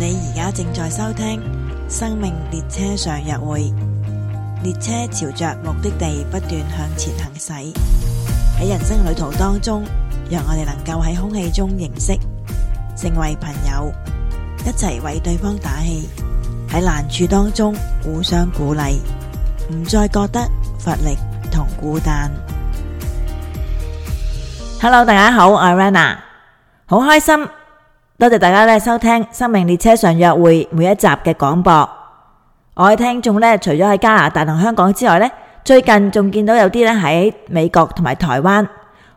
你而家正在收聽《生命列車上約會》，列車朝着目的地不斷向前行駛。喺人生旅途當中，讓我哋能夠喺空氣中認識，成為朋友，一齊為對方打氣。喺難處當中互相鼓勵，唔再覺得乏力同孤單。Hello，大家好，我係 Rana，好開心。多謝大家收聽《生命列車上約會》每一集嘅廣播。我嘅聽眾咧，除咗喺加拿大同香港之外咧，最近仲見到有啲咧喺美國同埋台灣。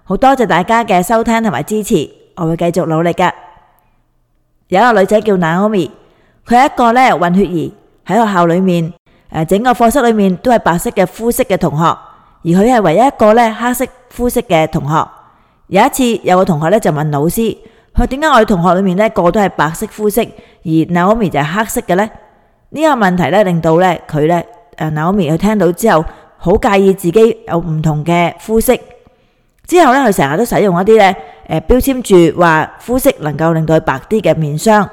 好多謝大家嘅收聽同埋支持，我會繼續努力嘅。有一個女仔叫 Naomi，佢係一個咧混血兒，喺學校裏面誒，整個課室裏面都係白色嘅膚色嘅同學，而佢係唯一一個咧黑色膚色嘅同學。有一次有個同學咧就問老師。佢點解我哋同學裏面呢個都係白色膚色，而 Naomi 就係黑色嘅呢？呢、呢個問題呢令到呢佢呢誒 Naomi 佢聽到之後好介意自己有唔同嘅膚色，之後呢，佢成日都使用一啲呢誒標籤住話膚色能夠令到佢白啲嘅面霜。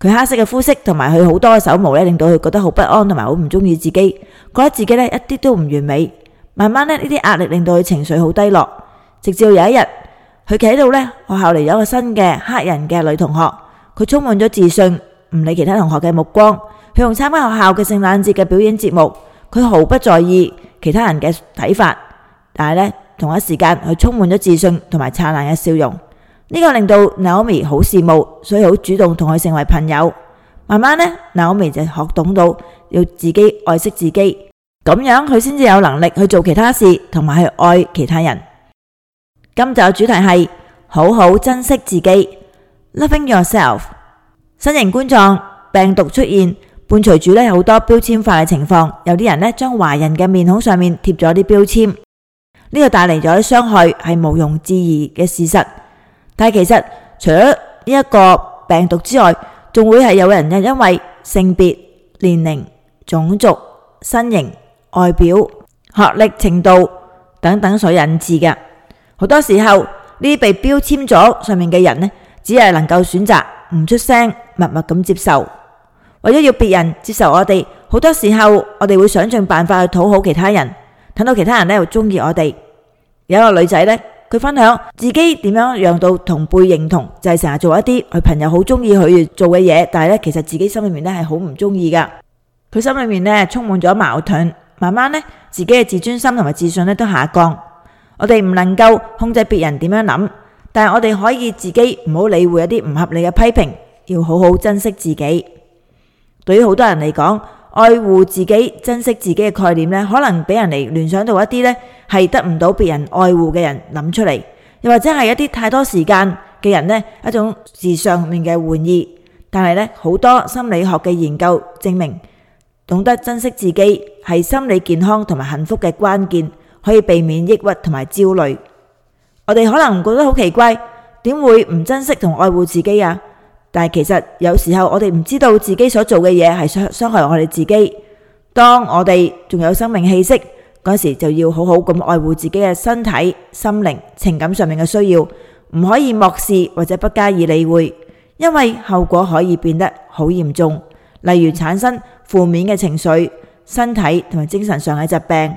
佢黑色嘅膚色同埋佢好多嘅手毛呢，令到佢覺得好不安同埋好唔中意自己，覺得自己呢一啲都唔完美。慢慢呢，呢啲壓力令到佢情緒好低落，直至有一日。佢企喺度呢，學校嚟，有一個新嘅黑人嘅女同學，佢充滿咗自信，唔理其他同學嘅目光。佢用參加學校嘅聖誕節嘅表演節目，佢毫不在意其他人嘅睇法。但係呢，同一時間佢充滿咗自信同埋燦爛嘅笑容。呢、這個令到 Naomi 好羨慕，所以好主動同佢成為朋友。慢慢呢，Naomi 就學懂到要自己愛惜自己，咁樣佢先至有能力去做其他事，同埋去愛其他人。今集嘅主題係好好珍惜自己，Loving yourself。新型冠狀病毒出現伴隨住呢好多標籤化嘅情況，有啲人呢將華人嘅面孔上面貼咗啲標籤，呢個帶嚟咗嘅傷害係毋庸置疑嘅事實。但係其實除咗呢一個病毒之外，仲會係有人因因為性別、年齡、種族、身形、外表、學歷程度等等所引致嘅。好多時候呢啲被標籤咗上面嘅人呢，只係能夠選擇唔出聲，默默咁接受。為咗要別人接受我哋，好多時候我哋會想盡辦法去討好其他人，等到其他人呢又中意我哋。有一個女仔呢，佢分享自己點樣讓到同輩認同，就係成日做一啲佢朋友好中意佢做嘅嘢，但係呢其實自己心裏面呢係好唔中意㗎。佢心裏面呢充滿咗矛盾，慢慢呢自己嘅自尊心同埋自信呢都下降。我哋唔能夠控制別人點樣諗，但係我哋可以自己唔好理會一啲唔合理嘅批評，要好好珍惜自己。對於好多人嚟講，愛護自己、珍惜自己嘅概念呢，可能俾人嚟聯想到一啲呢，係得唔到別人愛護嘅人諗出嚟，又或者係一啲太多時間嘅人呢，一種時尚面嘅玩意。但係呢，好多心理學嘅研究證明，懂得珍惜自己係心理健康同埋幸福嘅關鍵。可以避免抑鬱同埋焦慮。我哋可能覺得好奇怪，點會唔珍惜同愛護自己啊？但係其實有時候我哋唔知道自己所做嘅嘢係傷傷害我哋自己。當我哋仲有生命氣息嗰時，就要好好咁愛護自己嘅身體、心靈、情感上面嘅需要，唔可以漠視或者不加以理會，因為後果可以變得好嚴重，例如產生負面嘅情緒、身體同埋精神上嘅疾病。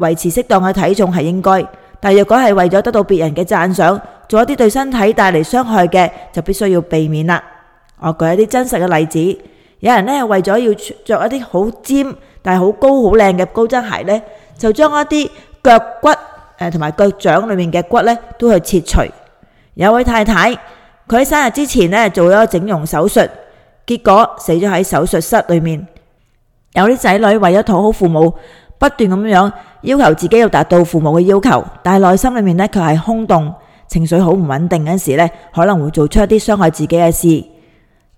維持適當嘅體重係應該，但若果係為咗得到別人嘅讚賞，做一啲對身體帶嚟傷害嘅，就必須要避免啦。我舉一啲真實嘅例子，有人呢為咗要着一啲好尖但係好高好靚嘅高踭鞋呢，就將一啲腳骨誒同埋腳掌裏面嘅骨呢都去切除。有位太太，佢喺生日之前呢做咗整容手術，結果死咗喺手術室裏面。有啲仔女為咗討好父母，不斷咁樣。要求自己要達到父母嘅要求，但係內心裏面呢，佢係空洞，情緒好唔穩定嗰時呢，可能會做出一啲傷害自己嘅事。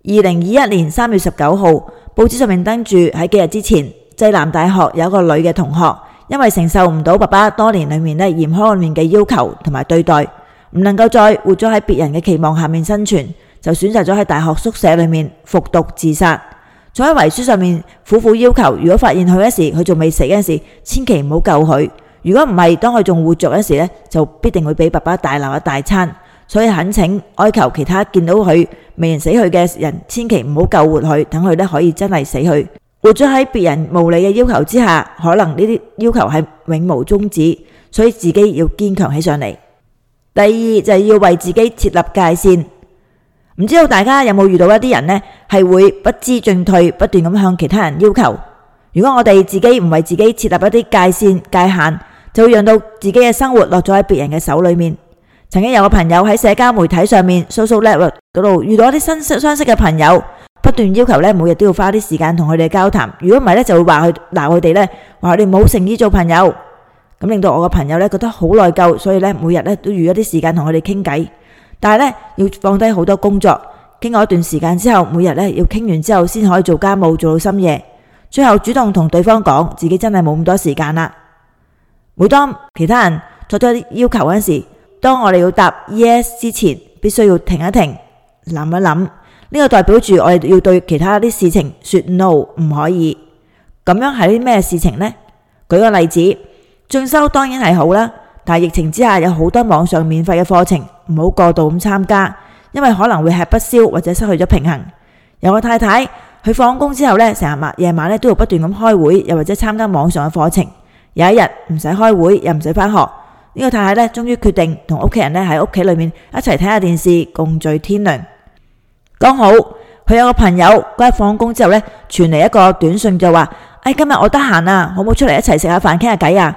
二零二一年三月十九號，報紙上面登住喺幾日之前，濟南大學有一個女嘅同學，因為承受唔到爸爸多年裏面呢嚴苛裏面嘅要求同埋對待，唔能夠再活咗喺別人嘅期望下面生存，就選擇咗喺大學宿舍裏面服毒自殺。所以遺書上面苦苦要求，如果發現佢嗰時佢仲未死嗰時候，千祈唔好救佢。如果唔係當佢仲活着嗰時咧，就必定會俾爸爸大鬧一大餐。所以懇請哀求其他見到佢未能死去嘅人，千祈唔好救活佢，等佢可以真係死去。活咗喺別人無理嘅要求之下，可能呢啲要求係永無終止，所以自己要堅強起上嚟。第二就係要為自己設立界線。唔知道大家有冇遇到一啲人呢，係會不知進退，不斷咁向其他人要求。如果我哋自己唔為自己設立一啲界線、界限，就會讓到自己嘅生活落咗喺別人嘅手裏面。曾經有個朋友喺社交媒體上面 social network 嗰度遇到一啲新相識嘅朋友，不斷要求呢每日都要花啲時間同佢哋交談。如果唔係呢，就會話佢鬧佢哋呢，話佢哋冇誠意做朋友。咁令到我嘅朋友呢覺得好內疚，所以呢每日呢都預一啲時間同佢哋傾偈。但係咧，要放低好多工作，經過一段時間之後，每日咧要傾完之後先可以做家務，做到深夜。最後主動同對方講，自己真係冇咁多時間啦。每當其他人提出啲要求嗰時候，當我哋要答 yes 之前，必須要停一停，諗一諗。呢個代表住我哋要對其他啲事情說 no，唔可以。咁樣係啲咩事情呢？舉個例子，進修當然係好啦。但疫情之下，有好多網上免費嘅課程，唔好過度咁參加，因為可能會吃不消或者失去咗平衡。有個太太，佢放工之後呢，成日晚夜晚呢都要不斷咁開會，又或者參加網上嘅課程。有一日唔使開會，又唔使返學，呢個太太呢，終於決定同屋企人呢喺屋企裏面一齊睇下電視，共聚天倫。剛好佢有個朋友，嗰日放工之後呢，傳嚟一個短信就話，哎，今日我得閒啊，好唔好出嚟一齊食下飯傾下偈啊？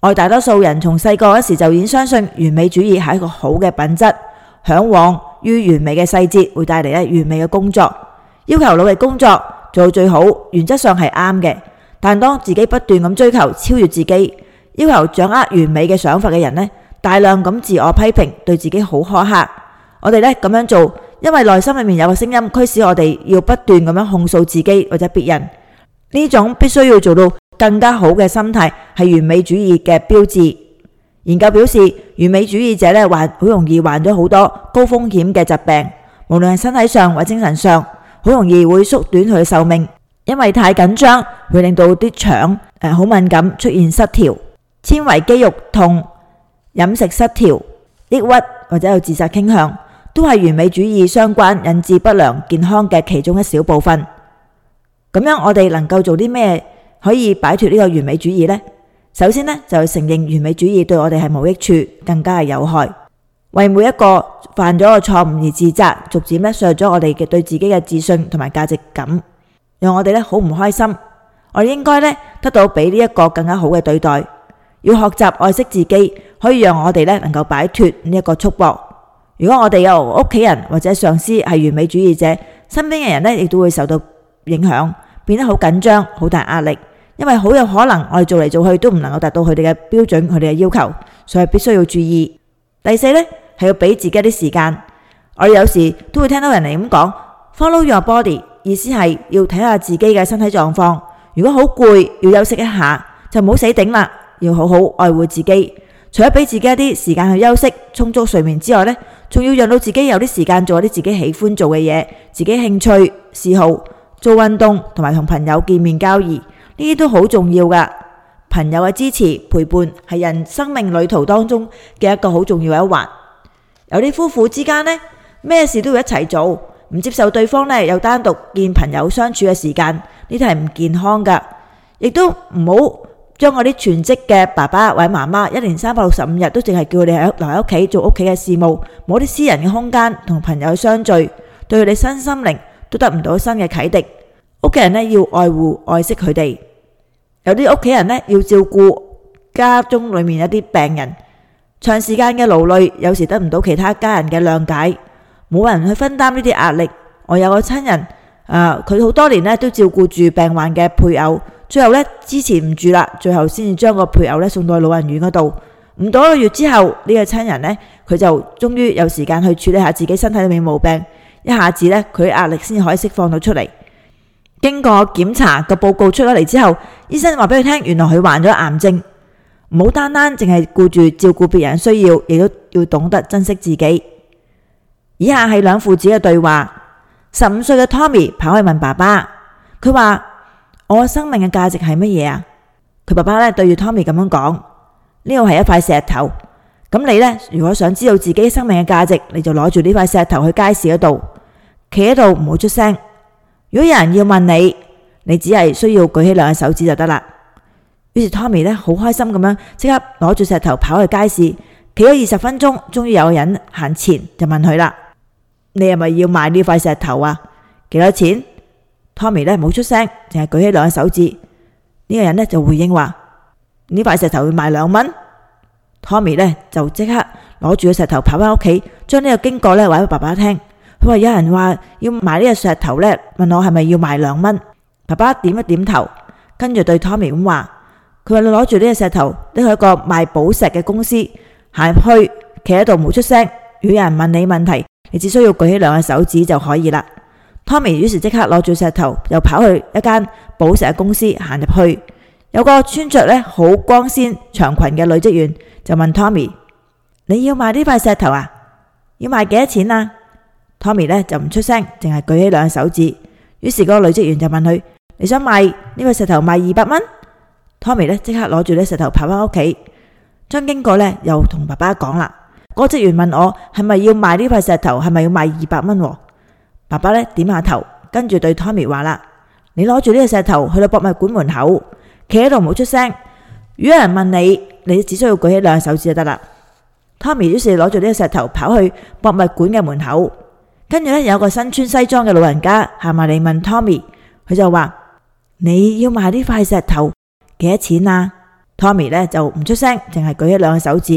我哋大多數人從細個嗰時就已經相信完美主義係一個好嘅品質，向往於完美嘅細節會帶嚟完美嘅工作，要求努力工作做到最好，原則上係啱嘅。但當自己不斷咁追求超越自己，要求掌握完美嘅想法嘅人呢，大量咁自我批評，對自己好苛刻。我哋呢咁樣做，因為內心裏面有個聲音驅使我哋要不斷咁樣控訴自己或者別人。呢種必須要做到更加好嘅心態係完美主義嘅標誌。研究表示，完美主義者咧，患好容易患咗好多高風險嘅疾病，無論係身體上或精神上，好容易會縮短佢嘅壽命，因為太緊張會令到啲腸誒好敏感，出現失調、纖維肌肉痛、飲食失調、抑鬱或者有自殺傾向，都係完美主義相關引致不良健康嘅其中一小部分。咁樣我哋能夠做啲咩？可以擺脱呢個完美主義呢，首先呢，就承認完美主義對我哋係無益處，更加係有害。為每一個犯咗個錯誤而自責，逐漸呢削弱咗我哋嘅對自己嘅自信同埋價值感，讓我哋呢好唔開心。我哋應該呢得到比呢一個更加好嘅對待，要學習愛惜自己，可以讓我哋呢能夠擺脱呢一個束縛。如果我哋有屋企人或者上司係完美主義者，身邊嘅人呢亦都會受到影響，變得好緊張、好大壓力。因為好有可能我哋做嚟做去都唔能夠達到佢哋嘅標準，佢哋嘅要求，所以必須要注意。第四呢，係要俾自己一啲時間。我哋有時都會聽到人哋咁講：follow your body，意思係要睇下自己嘅身體狀況。如果好攰，要休息一下，就唔好死頂啦，要好好愛護自己。除咗俾自己一啲時間去休息、充足睡眠之外呢，仲要讓到自己有啲時間做一啲自己喜歡做嘅嘢，自己興趣嗜好，做運動，同埋同朋友見面交誼。呢啲都好重要噶，朋友嘅支持陪伴係人生命旅途當中嘅一個好重要嘅一環。有啲夫婦之間呢，咩事都要一齊做，唔接受對方呢有單獨見朋友相處嘅時間，呢啲係唔健康噶。亦都唔好將我啲全職嘅爸爸或者媽媽，一年三百六十五日都淨係叫佢哋喺留喺屋企做屋企嘅事務，冇啲私人嘅空間同朋友相聚，對佢哋身心靈都得唔到新嘅啟迪。屋企人呢，要愛護愛惜佢哋。有啲屋企人咧，要照顧家中裏面一啲病人，長時間嘅勞累，有時得唔到其他家人嘅諒解，冇人去分擔呢啲壓力。我有個親人，誒、啊，佢好多年咧都照顧住病患嘅配偶，最後咧支持唔住啦，最後先至將個配偶咧送到老人院嗰度，唔到一個月之後，這個、親、呢個親人咧，佢就終於有時間去處理下自己身體裏面嘅毛病，一下子咧佢壓力先可以釋放到出嚟。經過檢查，個報告出咗嚟之後，醫生話俾佢聽，原來佢患咗癌症。唔好單單淨係顧住照顧別人需要，亦都要懂得珍惜自己。以下係兩父子嘅對話。十五歲嘅 Tommy 跑去問爸爸，佢話：我生命嘅價值係乜嘢啊？佢爸爸呢對住 Tommy 咁樣講：呢個係一塊石頭。咁你呢，如果想知道自己生命嘅價值，你就攞住呢塊石頭去街市嗰度，企喺度唔好出聲。如果有人要問你，你只係需要舉起兩隻手指就得啦。於是湯米咧好開心咁樣，即刻攞住石頭跑去街市，企咗二十分鐘，終於有個人行前就問佢啦：你係咪要賣呢塊石頭啊？幾多錢？Tommy 咧冇出聲，淨係舉起兩隻手指。呢個人咧就回應話：呢塊石頭會賣兩蚊。Tommy 咧就即刻攞住個石頭跑返屋企，將呢個經過咧話俾爸爸聽。佢話有人話要買呢個石頭呢？問我係咪要賣兩蚊？爸爸點一點頭，跟住對 Tommy 咁話：佢話你攞住呢個石頭，拎去一個賣寶石嘅公司行入去，企喺度冇出聲。如果有人問你問題，你只需要舉起兩隻手指就可以啦。Tommy 於是即刻攞住石頭，又跑去一間寶石公司行入去。有個穿着咧好光鮮長裙嘅女職員就問 Tommy：你要賣呢塊石頭啊？要賣幾多錢啊？Tommy 呢就唔出聲，淨係舉起兩隻手指。於是個女職員就問佢：你想賣呢塊石頭賣二百蚊？Tommy 呢即刻攞住呢石頭跑返屋企，將經過呢又同爸爸講啦。嗰個職員問我係咪要賣呢塊石頭？係咪要賣二百蚊？爸爸呢點下頭，跟住對 Tommy 話啦：你攞住呢個石頭去到博物館門口，企喺度唔好出聲。如果有人問你，你只需要舉起兩隻手指就得啦。Tommy 於是攞住呢個石頭跑去博物館嘅門口。跟住咧，有個身穿西裝嘅老人家行埋嚟問 Tommy，佢就話：你要賣呢塊石頭幾多錢啊？Tommy 咧就唔出聲，淨係舉咗兩個手指。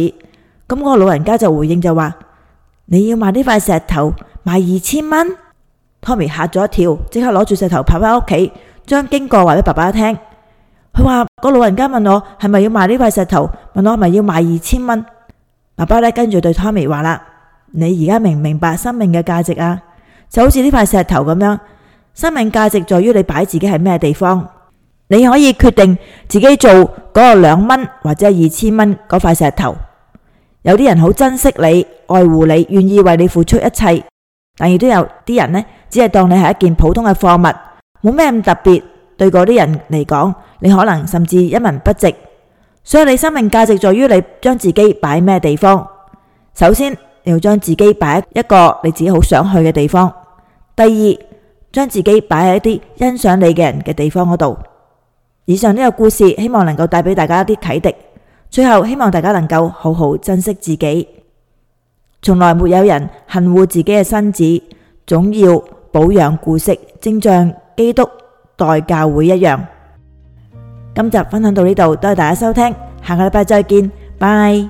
咁嗰個老人家就回應就話：你要賣呢塊石頭賣二千蚊。Tommy 吓咗一跳，即刻攞住石頭跑返屋企，將經過話俾爸爸聽。佢話個老人家問我係咪要賣呢塊石頭，問我係咪要賣二千蚊。爸爸咧跟住對 Tommy 話啦。你而家明唔明白生命嘅價值啊？就好似呢塊石頭咁樣，生命價值在於你擺自己喺咩地方。你可以決定自己做嗰個兩蚊或者係二千蚊嗰塊石頭。有啲人好珍惜你、愛護你，願意為你付出一切，但亦都有啲人呢，只係當你係一件普通嘅貨物，冇咩咁特別。對嗰啲人嚟講，你可能甚至一文不值。所以你生命價值在於你將自己擺咩地方。首先。你要將自己擺喺一個你自己好想去嘅地方。第二，將自己擺喺一啲欣賞你嘅人嘅地方嗰度。以上呢個故事希望能夠帶俾大家一啲啟迪。最後，希望大家能夠好好珍惜自己。從來沒有人恨惡自己嘅身子，總要保養顧惜，正像基督待教會一樣。今集分享到呢度，多謝大家收聽，下個禮拜再見，拜。